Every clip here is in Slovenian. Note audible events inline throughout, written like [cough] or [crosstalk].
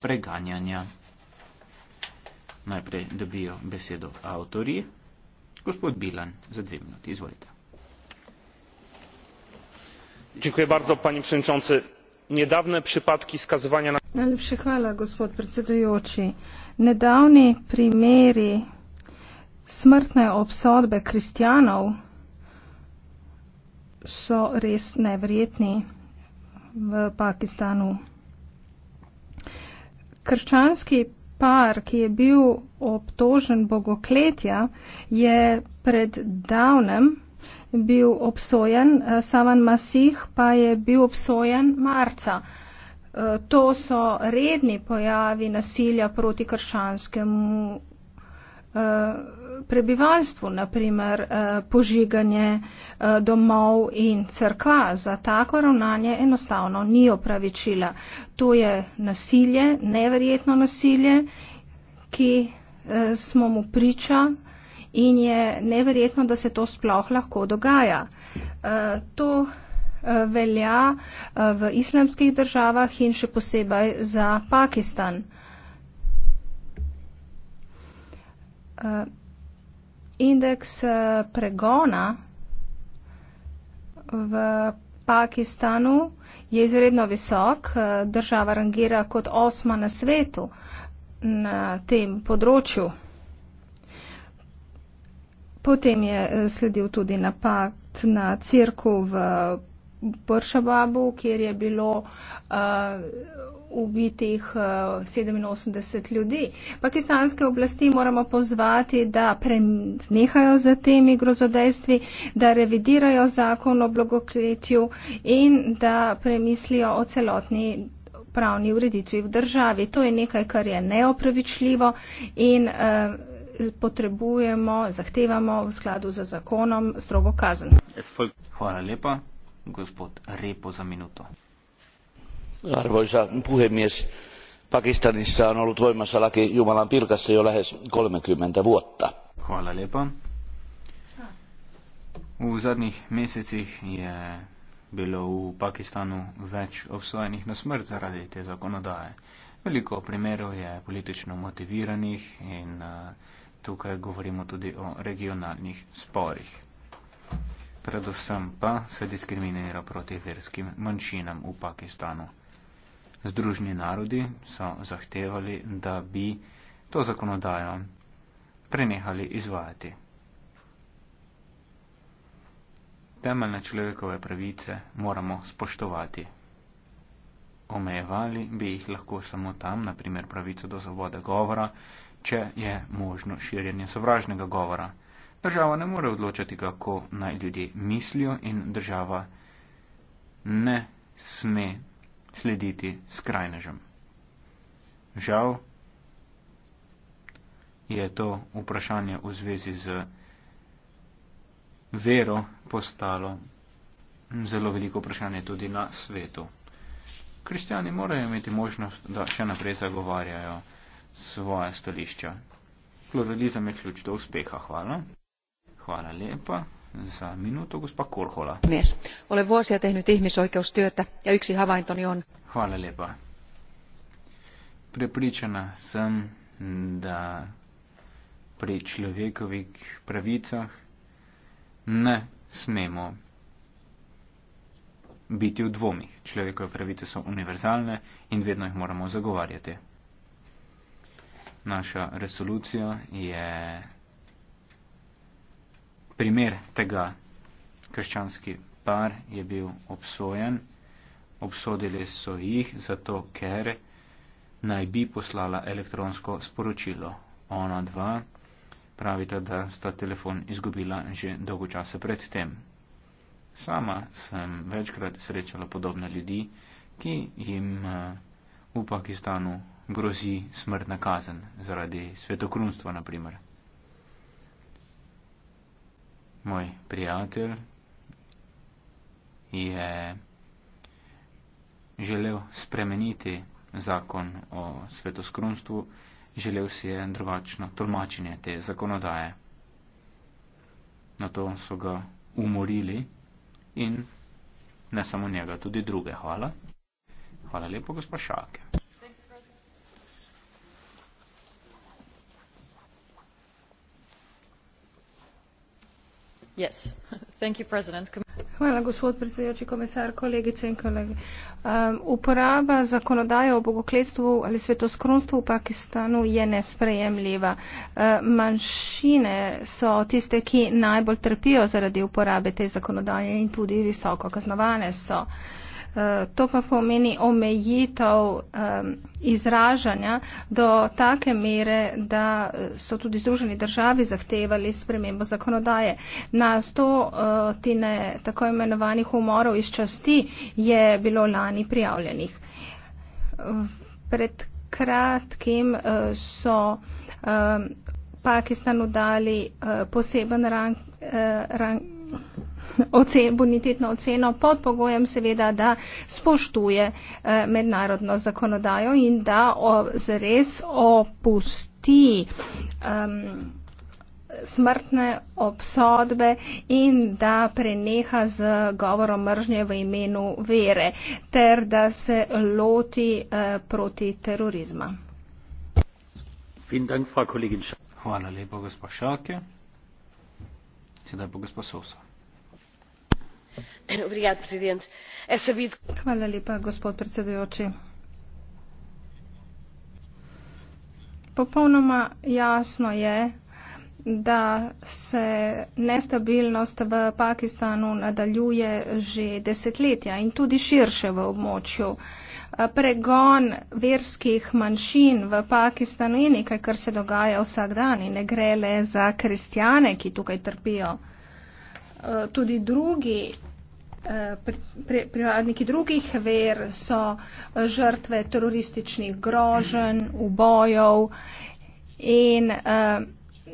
preganjanja. Najprej dobijo besedo avtorji. Gospod Bilan, za dve minuti, izvolite. Dziękuję bardzo, panie przewodniczący. Niedawne przypadki skazywania na. Najlepsze chwała, gospod przewodniczący. Niedawne przymiery śmiertne obsądby chrześcijanów są res niewrietne w Pakistanu krščanski par, ki je bil obtožen bogokletja, je pred davnem bil obsojen, eh, Savan Masih pa je bil obsojen marca. Eh, to so redni pojavi nasilja proti krščanskemu prebivalstvu, naprimer eh, požiganje eh, domov in crkva. Za tako ravnanje enostavno ni opravičila. To je nasilje, neverjetno nasilje, ki eh, smo mu priča in je neverjetno, da se to sploh lahko dogaja. To velja v islamskih državah in še posebej za Pakistan. uh, indeks eh, pregona v Pakistanu je izredno visok. Eh, država rangira kot osma na svetu na tem področju. Potem je sledil tudi napad na cirku v Pakistanu. Pršababu, kjer je bilo uh, ubitih uh, eh, 87 ljudi. Pakistanske oblasti moramo pozvati, da prenehajo za temi grozodejstvi, da revidirajo zakon o blagokletju in da premislijo o celotni pravni ureditvi v državi. To je nekaj, kar je neopravičljivo in uh, potrebujemo, zahtevamo v skladu z zakonom strogo kazen. Hvala lepa arvoisa puhemies pakistanissa on ollut voimassa laki jumalanpilkasta jo lähes kolmekymmentä vuotta. Veliko primerov je politično motiviranih in eh, tukaj govorimo tudi o regionalnih sporih predvsem pa se diskriminira proti verskim manjšinam v Pakistanu. Združni narodi so zahtevali, da bi to zakonodajo prenehali izvajati. Temeljne človekove pravice moramo spoštovati. Omejevali bi jih lahko samo tam, naprimer pravico do zavode govora, če je možno širjenje sovražnega govora. Država ne more odločati, kako naj ljudje mislijo in država ne sme slediti skrajnežem. Žal je to vprašanje v zvezi z vero postalo zelo veliko vprašanje tudi na svetu. Kristjani morajo imeti možnost, da še naprej zagovarjajo svoje stališča. Pluralizem je ključ do uspeha. Hvala. Hvala lepa. Saa minuto, gospa Kurhola. Mies. Olen vuosia tehnyt ihmisoikeustyötä ja yksi havaintoni on... Hvala lepa. Prepričana sem, da pri človekovih pravicah ne smemo biti v dvomih. Človekove pravice so univerzalne in vedno jih moramo zagovarjati. Naša resolucija je primer tega krščanski par je bil obsojen, obsodili so jih zato, ker naj bi poslala elektronsko sporočilo. Ona dva pravita, da sta telefon izgubila že dolgo časa predtem. Sama sem večkrat srečala podobne ljudi, ki jim eh, v Pakistanu grozi smrtna kazen zaradi svetokrunstva, na primer moj prijatelj je želel spremeniti zakon o svetoskrunstvu, želel si je drugačno tolmačenje te zakonodaje. Na to so ga umorili in ne samo njega, tudi druge. Hvala. Hvala lepo, gospod Šake. [laughs] Um, uporaba zakonodaje o bogokletstvu ali svetoskronstvu v pakistanu je nesprejemljiva uh, manjšine so tiste ki najbolj trpijo zaradi uporabe te zakonodaje in tudi visoko kaznovane so To pa pomeni omejitev izražanja do take mere, da eh, so tudi združeni državi zahtevali spremembo zakonodaje. Na stotine eh, tako imenovanih umorov iz časti je bilo lani prijavljenih. Pred kratkim eh, so Pakistanu dali poseben rang. rang ocen, bonitetno oceno pod pogojem seveda, da spoštuje eh, mednarodno zakonodajo in da o, zares opusti um, smrtne obsodbe in da preneha z govorom mržnje v imenu vere ter da se loti uh, proti terorizma. Dank, Hvala lepa, gospod Šalke. Sedaj bo gospod Sosa. [laughs] popolnoma jasno je da se nestabilnost v pakistanu nadaljuje že desetletja in tudi širše v območju pregon verskih manjšin v pakistanu je nekaj kar se dogaja vsak dan in ne gre le za kristjane ki tukaj trpijo eh, tudi drugi Eh, pripadniki drugih ver so žrtve terorističnih grožen, ubojov in eh,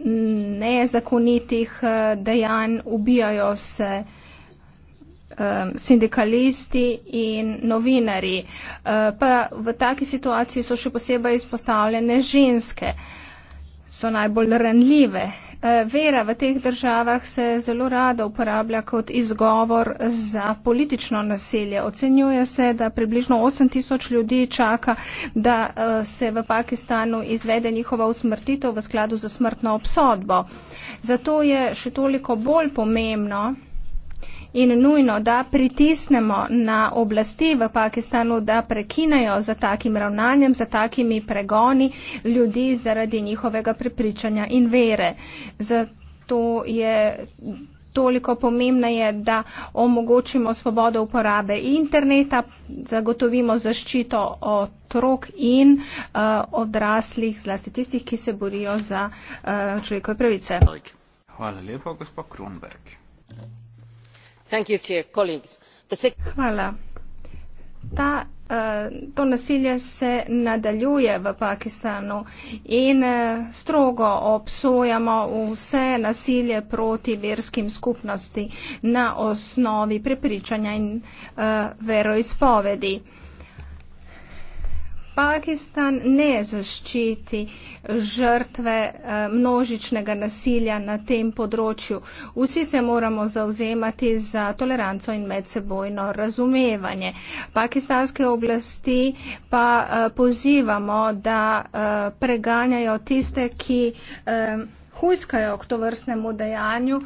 nezakonitih eh, dejanj. Ubijajo se sindikalisti in novinari. Pa v taki situaciji so še posebej izpostavljene ženske, so najbolj ranljive Eh, vera v teh državah se zelo rada uporablja kot izgovor za politično nasilje. Ocenjuje se, da približno 8 tisoč ljudi čaka, da eh, se v Pakistanu izvede njihova usmrtitev v skladu za smrtno obsodbo. Zato je še toliko bolj pomembno, in nujno, da pritisnemo na oblasti v Pakistanu, da prekinejo za takim ravnanjem, za takimi pregoni ljudi zaradi njihovega prepričanja in vere. Zato je toliko pomembneje, da omogočimo svobodo uporabe interneta, zagotovimo zaščito otrok in uh, odraslih, zlasti tistih, ki se borijo za uh, človekove pravice. Hvala lepa, gospod Kronberg. Thank you. Eh, to nasilje se nadaljuje v pakistanu in eh, strogo obsojamo vse nasilje proti verskim skupnosti na osnovi prepričanja in eh, veroizpovedi. Pakistan ne zaščiti žrtve eh, množičnega nasilja na tem področju. Vsi se moramo zauzemati za toleranco in medsebojno razumevanje. Pakistanske oblasti pa eh, pozivamo, da eh, preganjajo tiste, ki hujskajo k to vrstnemu dejanju,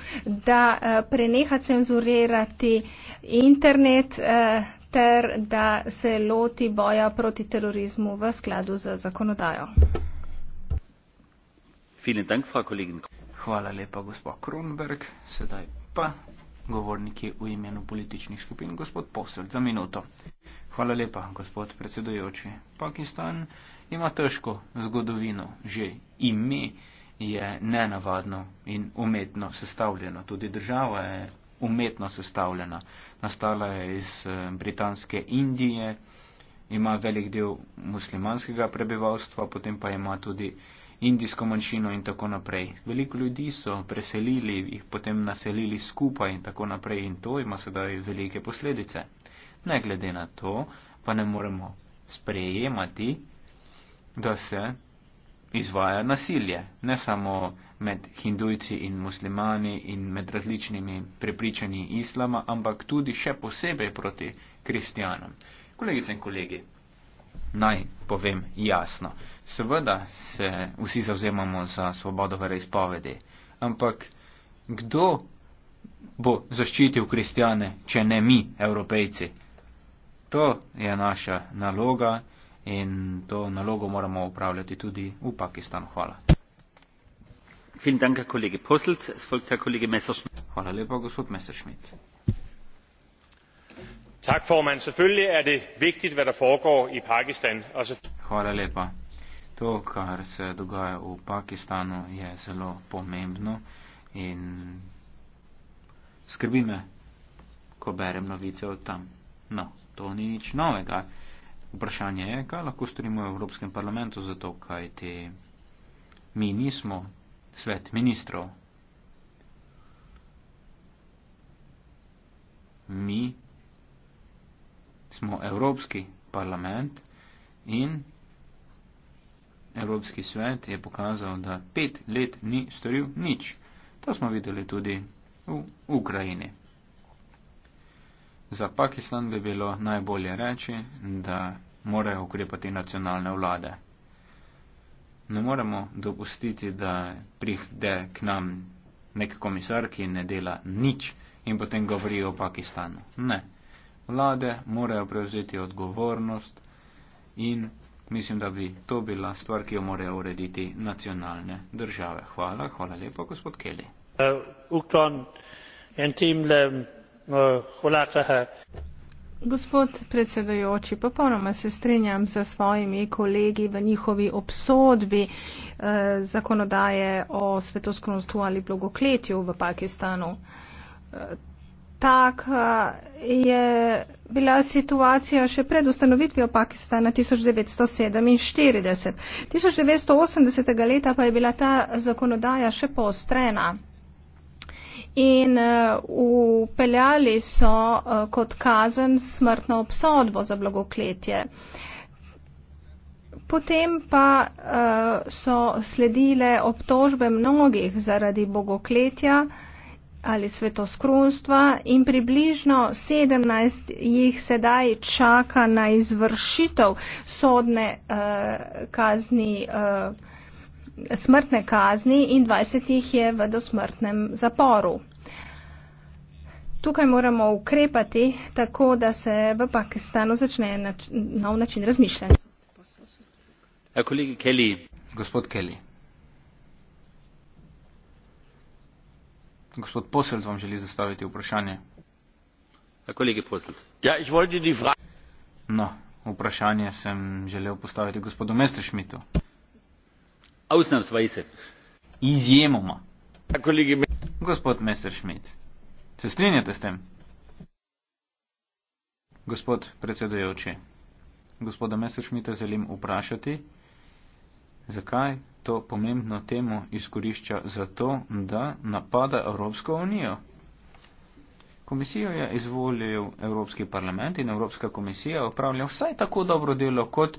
da preneha cenzurirati internet ter da se loti boja proti terorizmu v skladu z zakonodajo. Hvala lepa, gospod Kronberg. Sedaj pa govorniki v imenu političnih skupin, gospod Posel, za minuto. Hvala lepa, gospod predsedujoči. Pakistan ima težko zgodovino, že ime je nenavadno in umetno sestavljeno. Tudi država je umetno sestavljena. Nastala je iz eh, Britanske Indije, ima velik del muslimanskega prebivalstva, potem pa ima tudi indijsko manjšino in tako naprej. Veliko ljudi so preselili, jih potem naselili skupaj in tako naprej in to ima sedaj velike posledice. Ne glede na to, pa ne moremo sprejemati, da se izvaja nasilje, ne samo med hindujci in muslimani in med različnimi prepričanji islama, ampak tudi še posebej proti kristijanom. Kolegice in kolegi, naj povem jasno, seveda se vsi zavzemamo za svobodo vere izpovedi, ampak kdo bo zaščitil kristijane, če ne mi, evropejci? To je naša naloga in to nalogo moramo upravljati tudi v Pakistanu. Hvala. Hvala lepa, gospod Messerschmidt. Tak, formand. Selvfølgelig er det vigtigt, hvad der foregår i Pakistan. Og Hvala lepa. To, kar se dogaja v Pakistanu, je zelo pomembno in skrbi me, ko berem novice od tam. No, to ni nič novega. Vprašanje je, kaj lahko storimo v Evropskem parlamentu za to, kaj te mi nismo svet ministrov. Mi smo Evropski parlament in Evropski svet je pokazal, da pet let ni storil nič. To smo videli tudi v Ukrajini. Za Pakistan bi bilo najbolje reči, da morajo ukrepati nacionalne vlade. Ne moremo dopustiti, da pride k nam nek komisar, ki ne dela nič in potem govori o Pakistanu. Ne. Vlade morajo prevzeti odgovornost in mislim, da bi to bila stvar, ki jo morajo urediti nacionalne države. Hvala, hvala lepo, gospod Keli. Uh, gospod predsedujoči popolnoma se strinjam s svojimi kolegi v njihovi obsodbi eh, zakonodaje o svetoskronstvu ali blogokletju v pakistanu eh, Tak eh, je bila situacija še pred ustanovitvijo Pakistana 1947. 1980. leta pa je bila ta zakonodaja še poostrena in upeljali eh, so eh, kot kazen smrtno obsodbo za blagokletje. Potem pa eh, so sledile obtožbe mnogih zaradi bogokletja ali svetoskrunstva in približno 17 jih sedaj čaka na izvršitev sodne kazni smrtne kazni in 20 jih je v dosmrtnem zaporu. Tukaj moramo ukrepati tako, da se v Pakistanu začne nač nov način razmišljanja. Ja, Kolega Kelly. Gospod Kelly. Gospod Posel vam želi zastaviti vprašanje. Ja, Kolega Posel. Ja, ich wollte die Frage. No, vprašanje sem želel postaviti gospodu Mestre Schmidtu ausnahmsweise. Izjemoma. Ja, Gospod Messerschmidt, se strinjate s tem? Gospod predsedujoči, gospoda Messerschmidta želim vprašati, zakaj to pomembno temo izkorišča za to, da napada Evropsko unijo. Komisijo je izvolil Evropski parlament in Evropska komisija opravlja vsaj tako dobro delo kot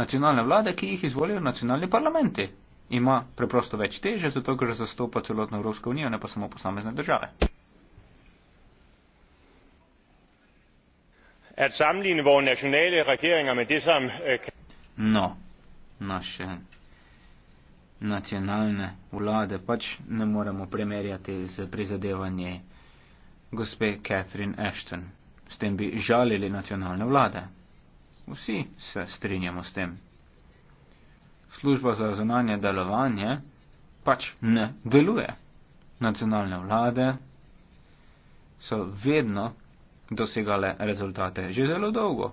nacionalne vlade, ki jih izvolijo nacionalni parlamenti. Ima preprosto več teže, zato ker zastopa celotno Evropsko unijo, ne pa samo posamezne države. Øh, no, naše nacionalne vlade pač ne moremo primerjati z prizadevanje gospe Catherine Ashton. S tem bi žalili nacionalne vlade. Vsi se strinjamo s tem. Služba za zunanje delovanje pač ne deluje. Nacionalne vlade so vedno dosegale rezultate, že zelo dolgo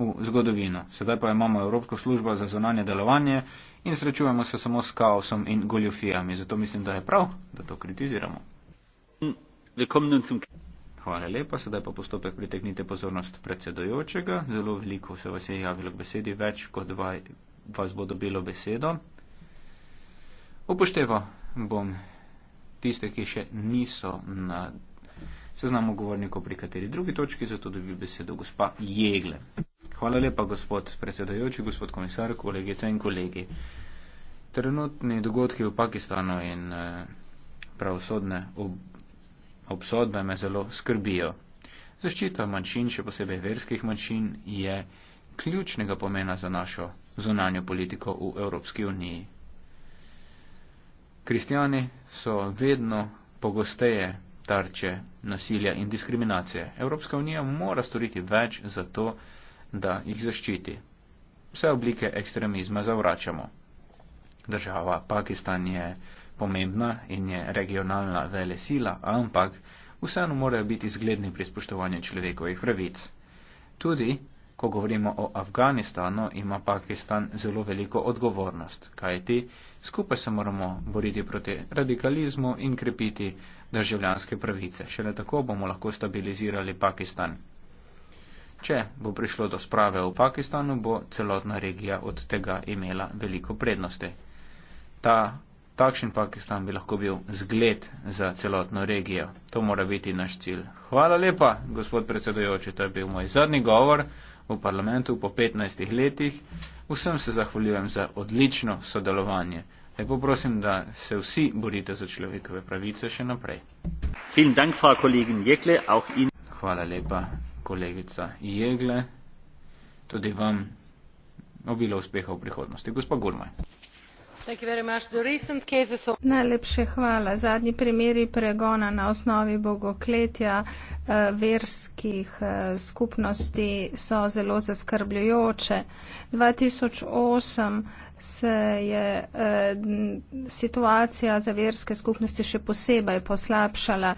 v zgodovino. Sedaj pa imamo Evropsko službo za zunanje delovanje in srečujemo se samo s kaosom in goljofijami. Zato mislim, da je prav, da to kritiziramo. Willkommen zum Kern. Hvala lepa, sedaj pa postopek pritegnite pozornost predsedojočega. Zelo veliko se vas je javilo k besedi, več kot vaj, vas bo dobilo besedo. Upošteval bom tiste, ki še niso na seznamu govornikov pri kateri drugi točki, zato dobi besedo gospa Jegle. Hvala lepa, gospod predsedojoči, gospod komisar, kolegice in kolegi. Trenutni dogodki v Pakistanu in eh, pravosodne ob obsodbe me zelo skrbijo. Zaščita manjšin, še posebej verskih manjšin, je ključnega pomena za našo zunanjo politiko v Evropski uniji. Kristijani so vedno pogosteje tarče nasilja in diskriminacije. Evropska unija mora storiti več za to, da jih zaščiti. Vse oblike ekstremizma zavračamo. Država Pakistan je pomembna in je regionalna velesila, ampak vseeno morajo biti zgledni pri spoštovanju človekovih pravic. Tudi, ko govorimo o Afganistanu, ima Pakistan zelo veliko odgovornost, kajti skupaj se moramo boriti proti radikalizmu in krepiti državljanske pravice. Šele tako bomo lahko stabilizirali Pakistan. Če bo prišlo do sprave v Pakistanu, bo celotna regija od tega imela veliko prednosti. Ta takšen Pakistan bi lahko bil zgled za celotno regijo. To mora biti naš cilj. Hvala lepa, gospod predsedojoči, to je bil moj zadnji govor v parlamentu po 15 letih. Vsem se zahvaljujem za odlično sodelovanje. Lepo prosim, da se vsi borite za človekove pravice še naprej. Hvala lepa, kolegica Jegle. Tudi vam obilo uspeha v prihodnosti. Gospa Gurmaj. Najlepše hvala. Zadnji primeri pregona na osnovi bogokletja eh, verskih eh, skupnosti so zelo zaskrbljujoče. 2008 se je eh, situacija za verske skupnosti še posebej poslabšala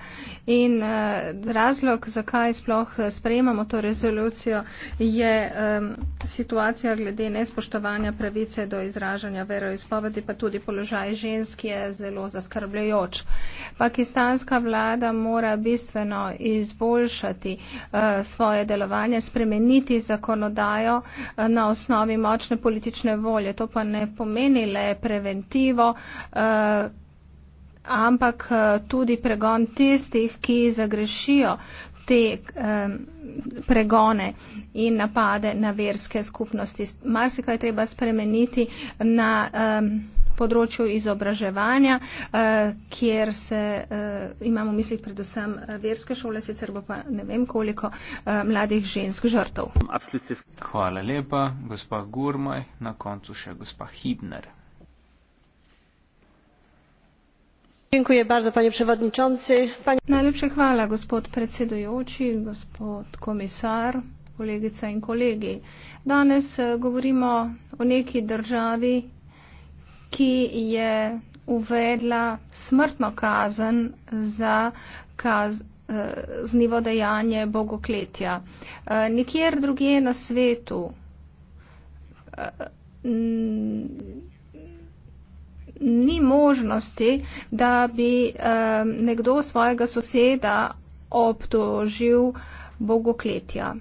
in razlog, zakaj sploh sprejemamo to rezolucijo, je situacija glede nespoštovanja pravice do izražanja veroizpovedi hkrati pa tudi položaj žensk je zelo zaskrbljajoč. Pakistanska vlada mora bistveno izboljšati eh, svoje delovanje, spremeniti zakonodajo eh, na osnovi močne politične volje. To pa ne pomeni le preventivo eh, ampak tudi pregon tistih, ki zagrešijo te um, pregone in napade na verske skupnosti. Marsikaj je treba spremeniti na um, področju izobraževanja, uh, kjer se uh, imamo v mislih predvsem eh, verske šole, sicer bo pa ne vem koliko uh, mladih žensk žrtov. Hvala lepa, gospa Gurmaj, na koncu še gospa Hibner. panie przewodniczący! najlepsze hvala gospod predsedujoči gospod komisar kolegice in kolegi. danes e, govorimo o neki državi ki je uvedla smrtno kazen za kaznivo e, dejanje bogokletja. E, nikjer drugje na svetu možnosti, da bi eh, nekdo svojega soseda obtožil bogokletja.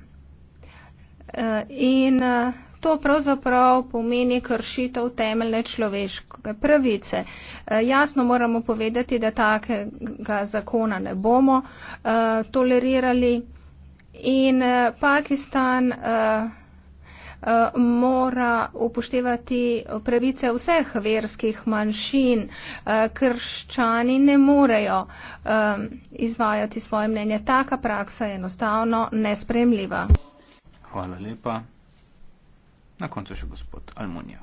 Eh, in eh, to pravzaprav pomeni kršitev temeljne človeške pravice. Eh, jasno moramo povedati, da takega zakona ne bomo eh, tolerirali. In eh, Pakistan. Eh, Eh, mora upoštevati pravice vseh verskih manjšin. Eh, krščani ne morejo eh, izvajati svoje mnenje. Taka praksa je enostavno nespremljiva. Hvala lepa. Na koncu še gospod Almunija.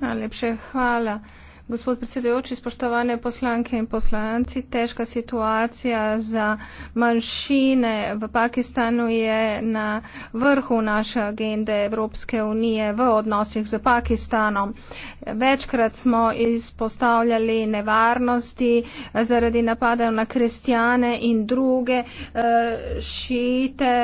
Najlepše hvala. Gospod predsedujoči, spoštovane poslanke in poslanci, težka situacija za manjšine v Pakistanu je na vrhu naše agende Evropske unije v odnosih z Pakistanom. Večkrat smo izpostavljali nevarnosti zaradi napadev na kristijane in druge eh, šite,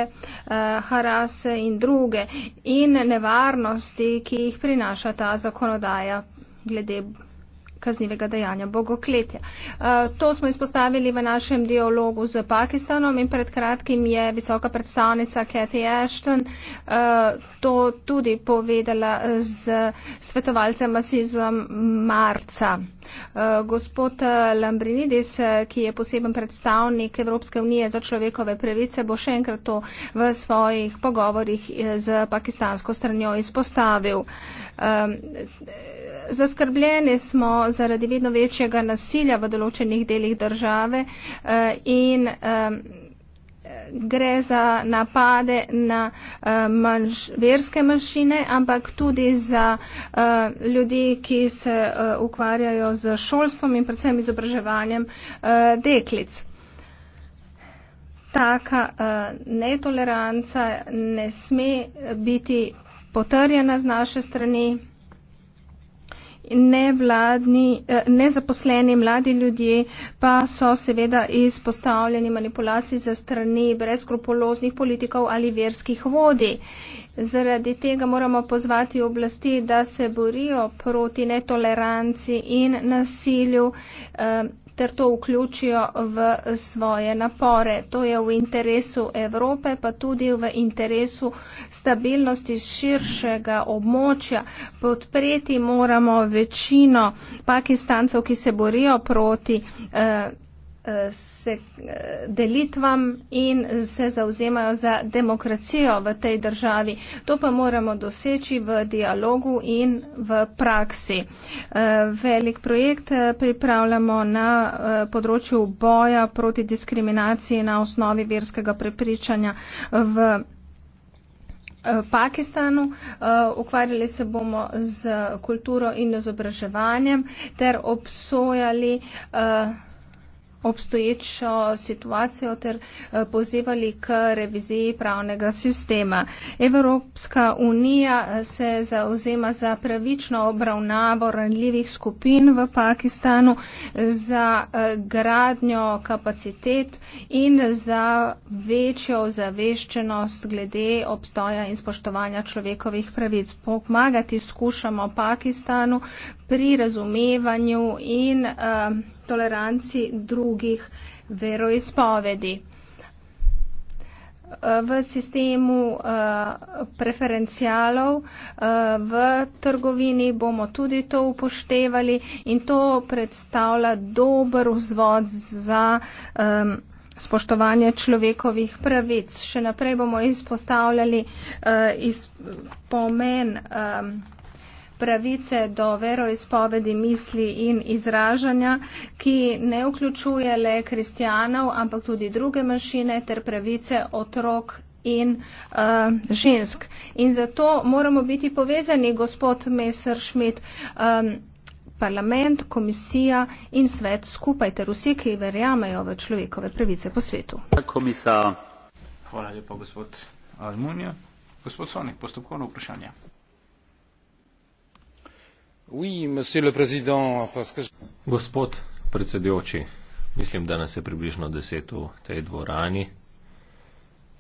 eh, harase in druge in nevarnosti, ki jih prinaša ta zakonodaja glede kaznivega dejanja bogokletja. Eh, to smo izpostavili v našem dialogu z Pakistanom in pred kratkim je visoka predstavnica Cathy Ashton eh, to tudi povedala z svetovalcem Masizom Marca. Eh, gospod Lambrinidis, ki je poseben predstavnik Evropske unije za človekove pravice, bo še enkrat to v svojih pogovorjih z pakistansko stranjo izpostavil. Zaskrbljeni smo zaradi vedno večjega nasilja v določenih delih države eh, in gre za napade na eh, manž, verske manjšine, ampak tudi za eh, ljudi, ki se ukvarjajo z šolstvom in predvsem izobraževanjem deklic. Taka netoleranca ne sme biti potrjena z naše strani nevladni, eh, nezaposleni mladi ljudje pa so seveda izpostavljeni manipulaciji za strani brezkrupoloznih politikov ali verskih vodi. Zaradi tega moramo pozvati oblasti, da se borijo proti netoleranci in nasilju, eh, ter to vključijo v svoje napore. To je v interesu Evrope, pa tudi v interesu stabilnosti širšega območja. Podpreti moramo večino pakistancev, ki se borijo proti. Eh, Eh, se eh, delitvam in se zauzemajo za demokracijo v tej državi. To pa moramo doseči v dialogu in v praksi. Eh, velik projekt pripravljamo na področju boja proti diskriminaciji na osnovi verskega prepričanja v. Pakistanu. Ukvarjali se bomo z kulturo in izobraževanjem ter obsojali uh, obstoječo situacijo ter eh, pozivali k reviziji pravnega sistema. Evropska unija eh, se zauzema za pravično obravnavo ranljivih skupin v Pakistanu, eh, za gradnjo kapacitet in za večjo zaveščenost glede obstoja in spoštovanja človekovih pravic. Pomagati skušamo Pakistanu pri razumevanju in um, toleranci drugih veroizpovedi. Eh, v sistemu uh, preferencialov uh, v trgovini bomo tudi to upoštevali in to predstavlja dober vzvod za um, spoštovanje človekovih pravic. Še naprej bomo izpostavljali uh, iz, pomen. Um, pravice do veroizpovedi misli in izražanja, ki ne vključuje le kristijanov, ampak tudi druge manjšine ter pravice otrok in uh, žensk. In zato moramo biti povezani, gospod Messerschmidt, um, parlament, komisija in svet skupaj ter vsi, ki verjamejo v človekove pravice po svetu. Komisar. Hvala lepa, gospod Almunija. Gospod Sonik, postopkovno vprašanje. Gospod predsedujoči, mislim, da nas je približno deset v tej dvorani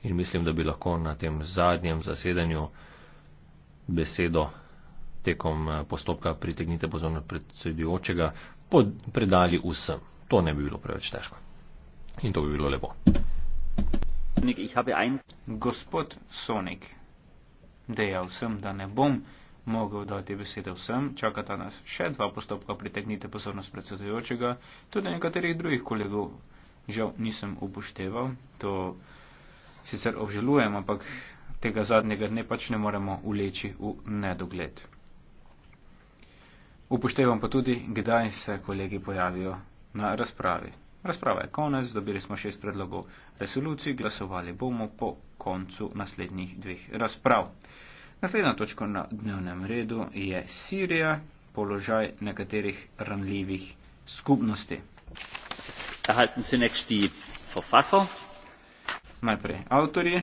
in mislim, da bi lahko na tem zadnjem zasedanju besedo tekom eh, postopka pritegnite pozornost predsedujočega predali vsem. To ne bi bilo preveč težko. In to bi bilo lepo. Gospod Sonik, dejal sem, da ne bom mogel dati besede vsem, čakata nas še dva postopka, pritegnite pozornost predsedujočega, tudi nekaterih drugih kolegov. Žal nisem upošteval, to sicer obžalujem, ampak tega zadnjega dne pač ne moremo uleči v nedogled. Upoštevam pa tudi, kdaj se kolegi pojavijo na razpravi. Razprava je konec, dobili smo šest predlogov resolucij, glasovali bomo po koncu naslednjih dveh razprav. Naslednja točka na dnevnem redu je Sirija, položaj nekaterih ranljivih skupnosti. Najprej avtorji.